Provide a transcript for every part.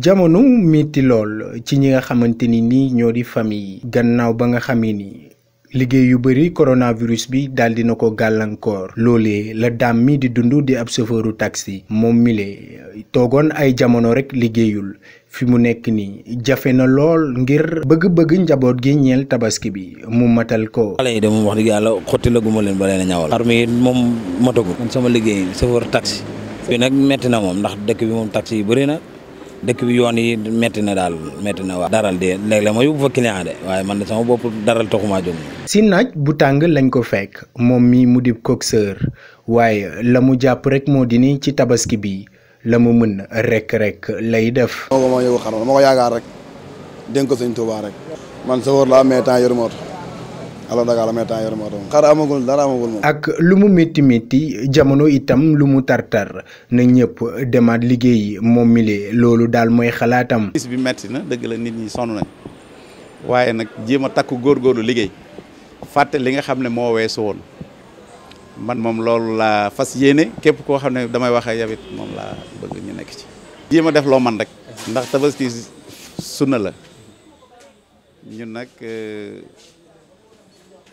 jamono metti lool ci ñi nga xamante ni nii ñoo di famille gannaaw ba nga xamee ni liggéey yu bëri coronavirus bi daal na ko gàllankoor loolee la daam mi di dund di ab chauffeuru taxi moom mile toogoon ay jamono rek liggéeyul fi mu nekk nii jafe na lool ngir bëgg-bëgg njaboot gi ñeel tabaski bi mu matal ko. xale yi de moom wax dëgg yàlla xotti guma leen ba leen a ñawal. arme moom matagul. man sama liggéey chauffeur taksi fii nag metti na moom ndax dëkk bi moom taxi yi bëri na. dëkk bi yoon yi métti na daal metti na waa daral de léeg-léeg ma yóbbu fa client de waaye man sama bopp daral taxumaa jóg. si naaj bu tàng lañ ko fekk moom mi mu di coxeur waaye la mu jàpp rek moo di ni ci tabaski bi la mu mën rek rek lay def. moom moo ma yóbbu xar ma ko yaakaar rek dénk ko sëñ Tuubaa rek. man sa wóor la mais temps yoruma alhamdulilah mais temps yor moo ak lu mu métti métti jamono itam lu mu tartar na ñëpp demaat liggéey moom mi loolu daal mooy xalaatam. bis bi metti na dëgg la nit ñi sonn nañ waaye nag jéem a takku góorgóorlu liggéey fàtte li nga xam ne moo weesu woon man moom loolu laa fas yéene képp koo xam ne damay wax ak moom laa bëgg ñu nekk ci. jéem a def loo man rek ndax tabaski sunna la ñun nag. Euh,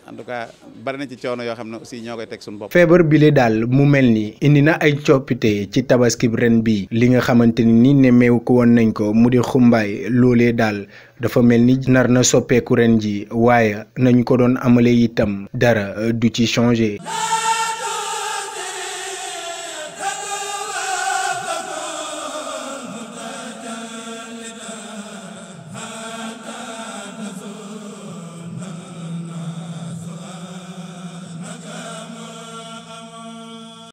en tout cas bari na ci coono yoo xam ne aussi ñoo koy teg suñu feebar bi le daal mu mel ni indi na ay coppite ci tabaski ren bii li nga xamante ni nemmeewu ko woon nañ ko mu di xumbaay loolee daal dafa mel ni nar na soppeeku ren ji waaye nañu ko doon amale itam dara du ci changé.